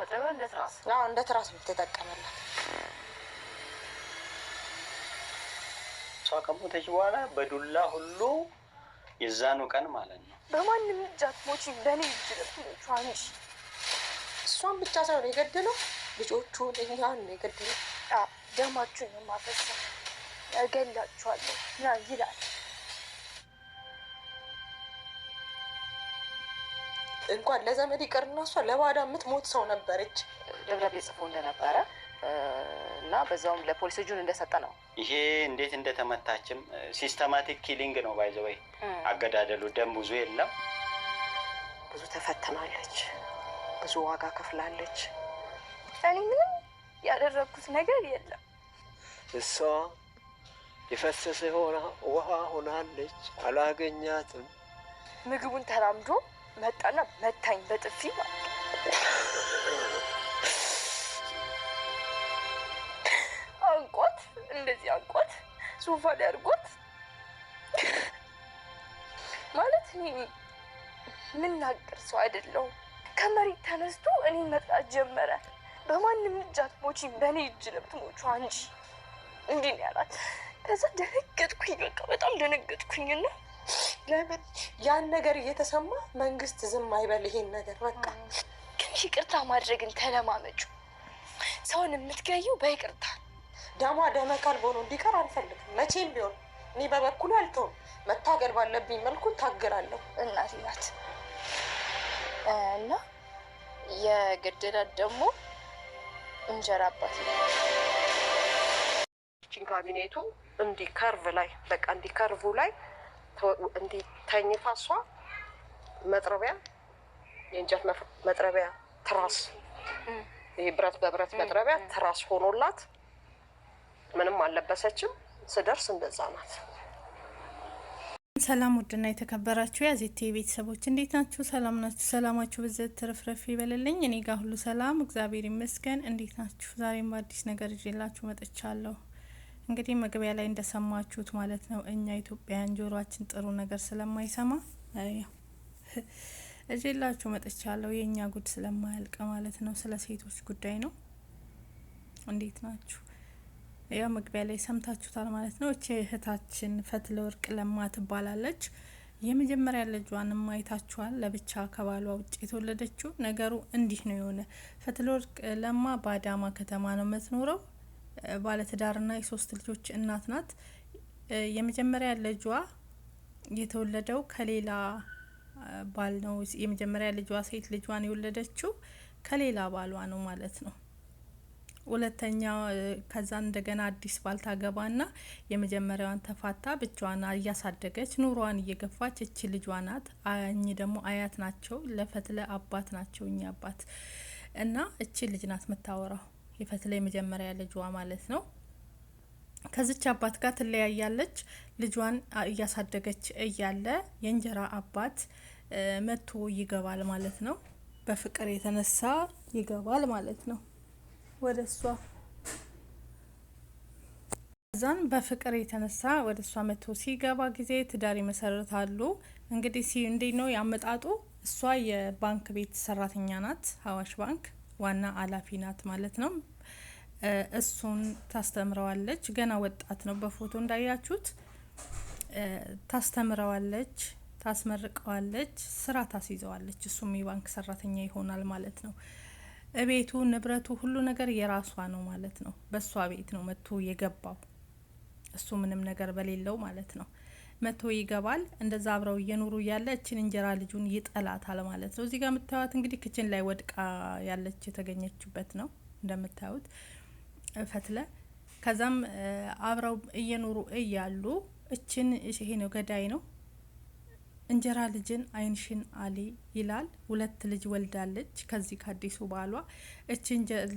መጥረቢያው እንደ ትራስ ነው፣ እንደ እሷ ከሞተች በኋላ በዱላ ሁሉ የዛኑ ቀን ማለት ነው። በማንም እጅ አትሞቺም፣ በእኔ እጅ አንቺ። እሷን ብቻ ሳይሆን የገደለው ልጆቹን ነው የገደለው። ደማችሁን የማፈሰ እገላችኋለሁ ይላል እንኳን ለዘመድ ይቅርና እሷ ለባዳ የምትሞት ሰው ነበረች። ደብዳቤ ጽፎ እንደነበረ እና በዛውም ለፖሊስ እጁን እንደሰጠ ነው። ይሄ እንዴት እንደተመታችም ሲስተማቲክ ኪሊንግ ነው። ባይዘወይ አገዳደሉ ደም ብዙ የለም። ብዙ ተፈትናለች፣ ብዙ ዋጋ ከፍላለች። እኔ ምንም ያደረግኩት ነገር የለም። እሷ የፈሰሰ ውሃ ሆናለች። አላገኛትም ምግቡን ተራምዶ መጣና መታኝ በጥፊ ማለት አንቆት እንደዚህ አንቆት ሶፋ ላይ አድርጎት ማለት እኔ የምናገር ሰው አይደለሁም። ከመሬት ተነስቶ እኔ መቅጣት ጀመረ። በማንም እጅ አትሞቺም፣ በእኔ እጅ ነው የምትሞቺው አንቺ እንዲህ ነው ያላት። ከዛ ደነገጥኩኝ፣ በቃ በጣም ደነገጥኩኝና ለምን ያን ነገር እየተሰማ መንግስት ዝም አይበል? ይሄን ነገር በቃ ግን ይቅርታ ማድረግን ተለማመጩ። ሰውን የምትገየው በይቅርታ ዳማ ደመካል በሆነ እንዲቀር አልፈልግም። መቼም ቢሆን እኔ በበኩል አልተውም። መታገል ባለብኝ መልኩ ታገላለሁ። እናት ናት እና የገደዳት ደግሞ እንጀራ አባት ነው። ካቢኔቱ እንዲከርቭ ላይ በቃ እንዲከርቭ ላይ እንዲህ ተኝታ እሷ መጥረቢያ የእንጨት መጥረቢያ ትራስ፣ ይህ ብረት በብረት መጥረቢያ ትራስ ሆኖላት ምንም አልለበሰችም። ስደርስ እንደዛ ናት። ሰላም ውድና የተከበራችሁ የአዜቴ ቤተሰቦች እንዴት ናችሁ? ሰላም ናችሁ? ሰላማችሁ ብዘት ትርፍርፍ ይበልልኝ። እኔ ጋር ሁሉ ሰላም እግዚአብሔር ይመስገን። እንዴት ናችሁ? ዛሬም በአዲስ ነገር ይዤላችሁ መጥቻለሁ። እንግዲህ መግቢያ ላይ እንደሰማችሁት ማለት ነው እኛ ኢትዮጵያውያን ጆሮአችን ጥሩ ነገር ስለማይሰማ እጄላችሁ መጥቻለሁ። የእኛ ጉድ ስለማያልቅ ማለት ነው ስለ ሴቶች ጉዳይ ነው። እንዴት ናችሁ? ያው መግቢያ ላይ ሰምታችሁታል ማለት ነው። እቺ እህታችን ፈትለ ወርቅ ለማ ትባላለች። የመጀመሪያ ልጇንም አይታችኋል። ለብቻ ከባሏ ውጭ የተወለደችው። ነገሩ እንዲህ ነው የሆነ። ፈትለ ወርቅ ለማ በአዳማ ከተማ ነው የምትኖረው ባለትዳርና የሶስት ልጆች እናት ናት። የመጀመሪያ ልጇ የተወለደው ከሌላ ባል ነው። የመጀመሪያ ልጇ ሴት ልጇን የወለደችው ከሌላ ባሏ ነው ማለት ነው። ሁለተኛ ከዛ እንደገና አዲስ ባል ታገባና የመጀመሪያዋን ተፋታ ብቻዋን እያሳደገች ኑሯን እየገፋች እቺ ልጇ ናት። እኚህ ደግሞ አያት ናቸው፣ ለፈትለ አባት ናቸው። እኚህ አባት እና እቺ ልጅ ናት የምታወራው የፈትለ የመጀመሪያ ልጇ ማለት ነው። ከዚች አባት ጋር ትለያያለች። ልጇን እያሳደገች እያለ የእንጀራ አባት መጥቶ ይገባል ማለት ነው። በፍቅር የተነሳ ይገባል ማለት ነው ወደ እሷ እዛን በፍቅር የተነሳ ወደ እሷ መጥቶ ሲገባ ጊዜ ትዳር ይመሰርታሉ። እንግዲህ እንዴት ነው ያመጣጡ? እሷ የባንክ ቤት ሰራተኛ ናት፣ አዋሽ ባንክ ዋና አላፊ ናት ማለት ነው። እሱን ታስተምረዋለች። ገና ወጣት ነው፣ በፎቶ እንዳያችሁት ታስተምረዋለች፣ ታስመርቀዋለች፣ ስራ ታስይዘዋለች። እሱም የባንክ ሰራተኛ ይሆናል ማለት ነው። እቤቱ ንብረቱ፣ ሁሉ ነገር የራሷ ነው ማለት ነው። በእሷ ቤት ነው መጥቶ የገባው እሱ ምንም ነገር በሌለው ማለት ነው። መቶ ይገባል። እንደዛ አብረው እየኖሩ እያለ እችን እንጀራ ልጁን ይጠላታል ማለት ነው። እዚህ ጋር የምታዩት እንግዲህ ክችን ላይ ወድቃ ያለች የተገኘችበት ነው እንደምታዩት ፈትለ። ከዛም አብረው እየኖሩ እያሉ እችን ይሄ ነው ገዳይ ነው እንጀራ ልጅን አይንሽን አሊ ይላል። ሁለት ልጅ ወልዳለች ከዚህ ከአዲሱ ባሏ። እቺ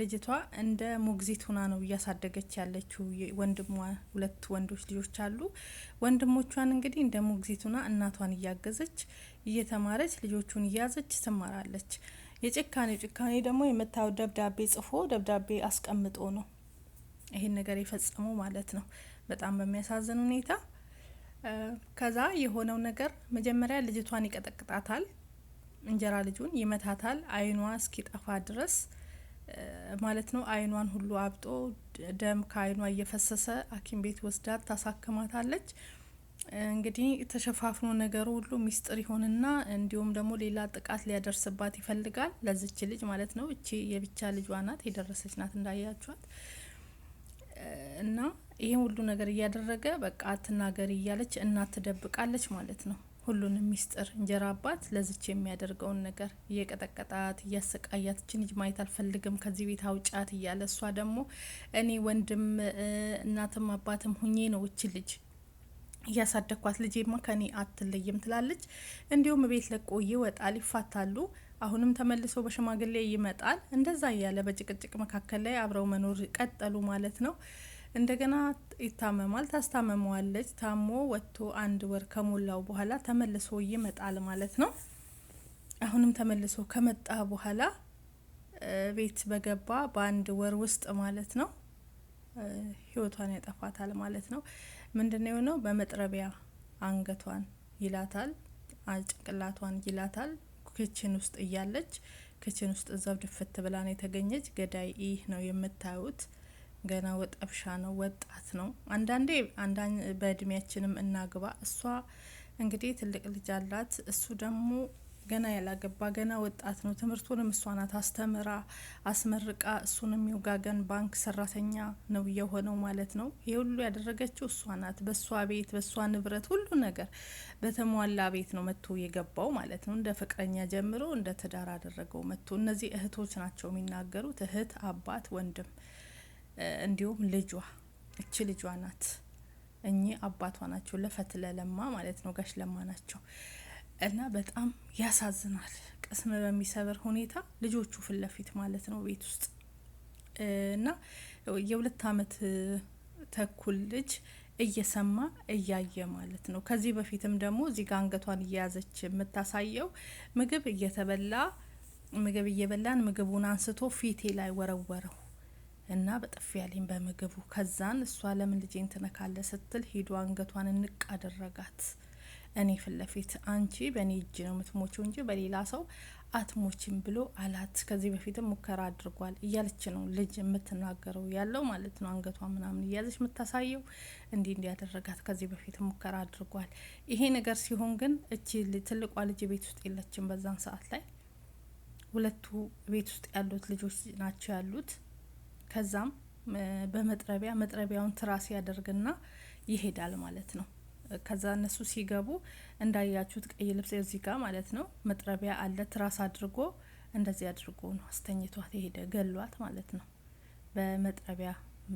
ልጅቷ እንደ ሞግዚት ሁና ነው እያሳደገች ያለችው። ወንድሟ ሁለት ወንዶች ልጆች አሉ። ወንድሞቿን እንግዲህ እንደ ሞግዚት ሁና እናቷን እያገዘች እየተማረች ልጆቹን እያዘች ትማራለች። የጭካኔ ጭካኔ ደግሞ የምታየው ደብዳቤ ጽፎ ደብዳቤ አስቀምጦ ነው ይሄን ነገር የፈጸመው ማለት ነው። በጣም በሚያሳዝን ሁኔታ ከዛ የሆነው ነገር መጀመሪያ ልጅቷን ይቀጠቅጣታል። እንጀራ ልጁን ይመታታል፣ አይኗ እስኪጠፋ ድረስ ማለት ነው። አይኗን ሁሉ አብጦ ደም ከአይኗ እየፈሰሰ ሐኪም ቤት ወስዳት ታሳክማታለች። እንግዲህ ተሸፋፍኖ ነገሩ ሁሉ ሚስጥር ይሆንና እንዲሁም ደግሞ ሌላ ጥቃት ሊያደርስባት ይፈልጋል፣ ለዚች ልጅ ማለት ነው። እቺ የብቻ ልጇ ናት፣ የደረሰች ናት እንዳያችኋት እና ይህ ሁሉ ነገር እያደረገ በቃ አትናገሪ እያለች እናት ትደብቃለች ማለት ነው። ሁሉንም ሚስጥር እንጀራ አባት ለዝች የሚያደርገውን ነገር እየቀጠቀጣት እያሰቃያት ችን ማየት አልፈልግም ከዚህ ቤት አውጫት እያለ እሷ ደግሞ እኔ ወንድም እናትም አባትም ሁኜ ነው እች ልጅ እያሳደግኳት ልጄማ ከኔ አትለይም ትላለች። እንዲሁም ቤት ለቆ ይወጣል፣ ይፋታሉ። አሁንም ተመልሶ በሽማግሌ ይመጣል። እንደዛ እያለ በጭቅጭቅ መካከል ላይ አብረው መኖር ቀጠሉ ማለት ነው። እንደገና ይታመማል። ታስታመመዋለች። ታሞ ወጥቶ አንድ ወር ከሞላው በኋላ ተመልሶ ይመጣል ማለት ነው። አሁንም ተመልሶ ከመጣ በኋላ ቤት በገባ በአንድ ወር ውስጥ ማለት ነው ህይወቷን ያጠፋታል ማለት ነው። ነው የሆነው? በመጥረቢያ አንገቷን ይላታል፣ ጭንቅላቷን ይላታል። ክችን ውስጥ እያለች ክችን ውስጥ እዛው ድፍት ብላ የተገኘች። ገዳይ ይህ ነው የምታዩት። ገና ወጠብሻ ነው፣ ወጣት ነው። አንዳንዴ አንዳን በእድሜያችንም እናግባ። እሷ እንግዲህ ትልቅ ልጅ አላት፣ እሱ ደግሞ ገና ያላገባ ገና ወጣት ነው። ትምህርቱንም እሷ ናት አስተምራ አስመርቃ እሱንም የውጋገን ባንክ ሰራተኛ ነው የሆነው ማለት ነው። ይህ ሁሉ ያደረገችው እሷ ናት። በእሷ ቤት በእሷ ንብረት ሁሉ ነገር በተሟላ ቤት ነው መጥቶ የገባው ማለት ነው። እንደ ፍቅረኛ ጀምሮ እንደ ትዳር አደረገው መጥቶ። እነዚህ እህቶች ናቸው የሚናገሩት፣ እህት አባት፣ ወንድም እንዲሁም ልጇ እቺ ልጇ ናት። እኚህ አባቷ ናቸው፣ ለፈት ለለማ ማለት ነው፣ ጋሽ ለማ ናቸው። እና በጣም ያሳዝናል። ቅስም በሚሰብር ሁኔታ ልጆቹ ፊት ለፊት ማለት ነው ቤት ውስጥ እና የሁለት አመት ተኩል ልጅ እየሰማ እያየ ማለት ነው። ከዚህ በፊትም ደግሞ እዚህ ጋር አንገቷን እየያዘች የምታሳየው ምግብ እየተበላ ምግብ እየበላን ምግቡን አንስቶ ፊቴ ላይ ወረወረው እና በጥፊ ያለኝ በምግቡ። ከዛን እሷ ለምን ልጄን ትነካለ ስትል ሂዶ አንገቷን እንቅ አደረጋት። እኔ ፊት ለፊት አንቺ በእኔ እጅ ነው የምትሞችው እንጂ በሌላ ሰው አትሞችም ብሎ አላት። ከዚህ በፊትም ሙከራ አድርጓል እያለች ነው ልጅ የምትናገረው ያለው ማለት ነው። አንገቷ ምናምን እያዘች የምታሳየው እንዲህ እንዲያደረጋት ከዚህ በፊት ሙከራ አድርጓል። ይሄ ነገር ሲሆን ግን እቺ ትልቋ ልጅ ቤት ውስጥ የለችም በዛን ሰዓት ላይ ሁለቱ ቤት ውስጥ ያሉት ልጆች ናቸው ያሉት ከዛም በመጥረቢያ መጥረቢያውን ትራስ ያደርግና ይሄዳል ማለት ነው። ከዛ እነሱ ሲገቡ እንዳያችሁት ቀይ ልብስ እዚህ ጋር ማለት ነው መጥረቢያ አለ። ትራስ አድርጎ እንደዚህ አድርጎ ነው አስተኝቷት የሄደ ገሏት ማለት ነው። በመጥረቢያ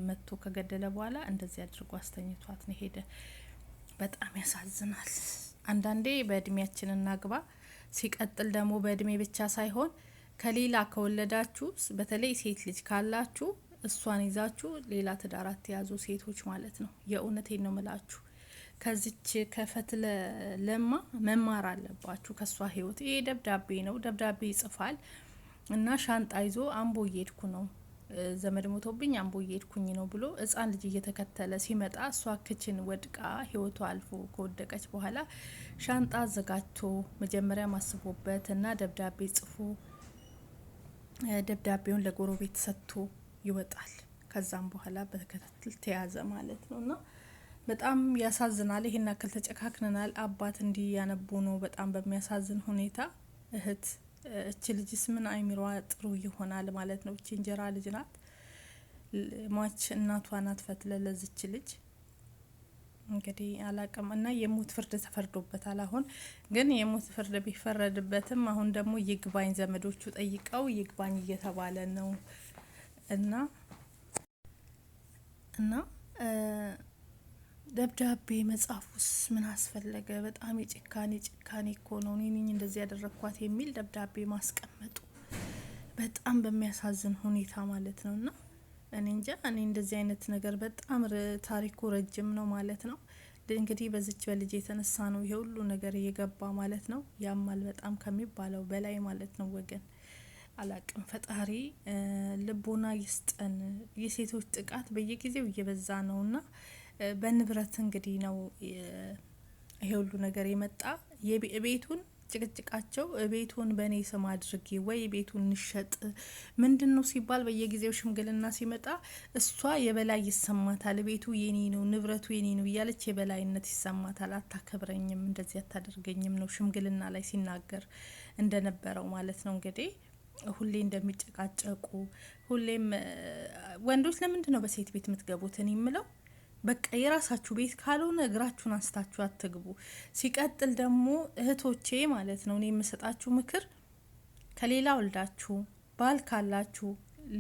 መቶ ከገደለ በኋላ እንደዚህ አድርጎ አስተኝቷት ነው ሄደ። በጣም ያሳዝናል። አንዳንዴ በእድሜያችን እናግባ። ሲቀጥል ደግሞ በእድሜ ብቻ ሳይሆን ከሌላ ከወለዳችሁ በተለይ ሴት ልጅ ካላችሁ እሷን ይዛችሁ ሌላ ትዳር አትያዙ ሴቶች ማለት ነው። የእውነቴን ነው ምላችሁ። ከዚች ከፈትለ ለማ መማር አለባችሁ ከእሷ ህይወት። ይሄ ደብዳቤ ነው፣ ደብዳቤ ይጽፋል እና ሻንጣ ይዞ አምቦ እየሄድኩ ነው ዘመድ ሞቶብኝ አምቦ እየሄድኩኝ ነው ብሎ ህጻን ልጅ እየተከተለ ሲመጣ እሷ ክችን ወድቃ ህይወቷ አልፎ ከወደቀች በኋላ ሻንጣ አዘጋጅቶ መጀመሪያ ማስቦበት እና ደብዳቤ ጽፎ ደብዳቤውን ለጎረቤት ሰጥቶ ይወጣል። ከዛም በኋላ በተከታተል ተያዘ ማለት ነው እና በጣም ያሳዝናል። ይሄን ያክል ተጨካክነናል። አባት እንዲህ ያነቡ ነው በጣም በሚያሳዝን ሁኔታ። እህት እች ልጅስ ምን አይሚሯ ጥሩ ይሆናል ማለት ነው። እቺ እንጀራ ልጅ ናት። ሟች እናቷ ናት ፈትለ ለዝች ልጅ እንግዲህ አላቅም እና የሞት ፍርድ ተፈርዶበታል። አሁን ግን የሞት ፍርድ ቢፈረድበትም አሁን ደግሞ ይግባኝ ዘመዶቹ ጠይቀው ይግባኝ እየተባለ ነው። እና እና ደብዳቤ መጻፉስ ምን አስፈለገ? በጣም የጭካኔ ጭካኔ እኮ ነው። እኔ ነኝ እንደዚህ ያደረግኳት የሚል ደብዳቤ ማስቀመጡ በጣም በሚያሳዝን ሁኔታ ማለት ነው። እና እኔ እንጃ እኔ እንደዚህ አይነት ነገር በጣም ታሪኩ ረጅም ነው ማለት ነው። እንግዲህ በዚች በልጅ የተነሳ ነው የሁሉ ነገር እየገባ ማለት ነው። ያማል በጣም ከሚባለው በላይ ማለት ነው ወገን አላቅም ፈጣሪ ልቦና ይስጠን። የሴቶች ጥቃት በየጊዜው እየበዛ እና በንብረት እንግዲህ ነው ይሄ ሁሉ ነገር የመጣ የቤቱን ጭቅጭቃቸው ቤቱን በእኔ ስም አድርጌ ወይ ቤቱን እንሸጥ ምንድን ነው ሲባል በየጊዜው ሽምግልና ሲመጣ እሷ የበላይ ይሰማታል። ቤቱ የኔ ነው፣ ንብረቱ የኔ ነው እያለች የበላይነት ይሰማታል። አታከብረኝም፣ እንደዚህ አታደርገኝም ነው ሽምግልና ላይ ሲናገር እንደነበረው ማለት ነው እንግዲህ ሁሌ እንደሚጨቃጨቁ ሁሌም ወንዶች ለምንድን ነው በሴት ቤት የምትገቡት? እኔ የምለው በቃ የራሳችሁ ቤት ካልሆነ እግራችሁን አንስታችሁ አትግቡ። ሲቀጥል ደግሞ እህቶቼ ማለት ነው እኔ የምሰጣችሁ ምክር ከሌላ ወልዳችሁ ባል ካላችሁ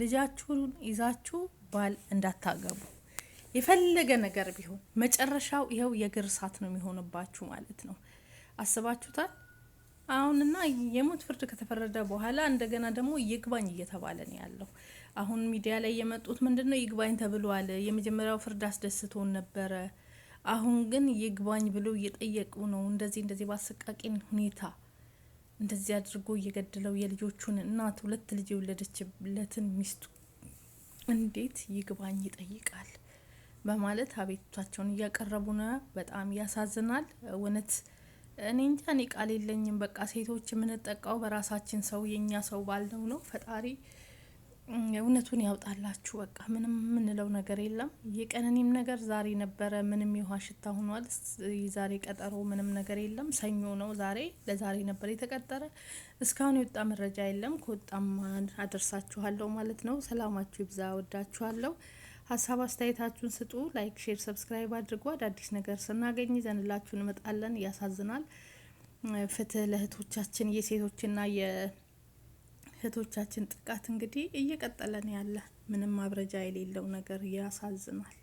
ልጃችሁን ይዛችሁ ባል እንዳታገቡ። የፈለገ ነገር ቢሆን መጨረሻው ይኸው የእግር እሳት ነው የሚሆንባችሁ ማለት ነው። አስባችሁታል? አሁንና የሞት ፍርድ ከተፈረደ በኋላ እንደገና ደግሞ ይግባኝ እየተባለ ነው ያለው። አሁን ሚዲያ ላይ የመጡት ምንድን ነው ይግባኝ ተብሏል። የመጀመሪያው ፍርድ አስደስቶን ነበረ። አሁን ግን ይግባኝ ብሎ እየጠየቁ ነው። እንደዚህ እንደዚህ በአሰቃቂን ሁኔታ እንደዚህ አድርጎ እየገደለው የልጆቹን እናት ሁለት ልጅ የወለደችለትን ሚስቱ እንዴት ይግባኝ ይጠይቃል በማለት አቤቱታቸውን እያቀረቡ ነው። በጣም ያሳዝናል እውነት እኔ እንጃ እኔ ቃል የለኝም። በቃ ሴቶች የምንጠቃው በራሳችን ሰው የእኛ ሰው ባልነው ነው። ፈጣሪ እውነቱን ያውጣላችሁ። በቃ ምንም የምንለው ነገር የለም። የቀነኒም ነገር ዛሬ ነበረ። ምንም የውሃ ሽታ ሆኗል። ዛሬ ቀጠሮ ምንም ነገር የለም። ሰኞ ነው ዛሬ። ለዛሬ ነበር የተቀጠረ። እስካሁን የወጣ መረጃ የለም። ከወጣማ አደርሳችኋለሁ ማለት ነው። ሰላማችሁ ይብዛ። ወዳችኋለሁ። ሀሳብ አስተያየታችሁን ስጡ። ላይክ፣ ሼር፣ ሰብስክራይብ አድርጉ። አዳዲስ ነገር ስናገኝ ይዘንላችሁ እንመጣለን። ያሳዝናል። ፍትህ ለእህቶቻችን የሴቶችና የእህቶቻችን ጥቃት እንግዲህ እየቀጠለን ያለ ምንም ማብረጃ የሌለው ነገር ያሳዝናል።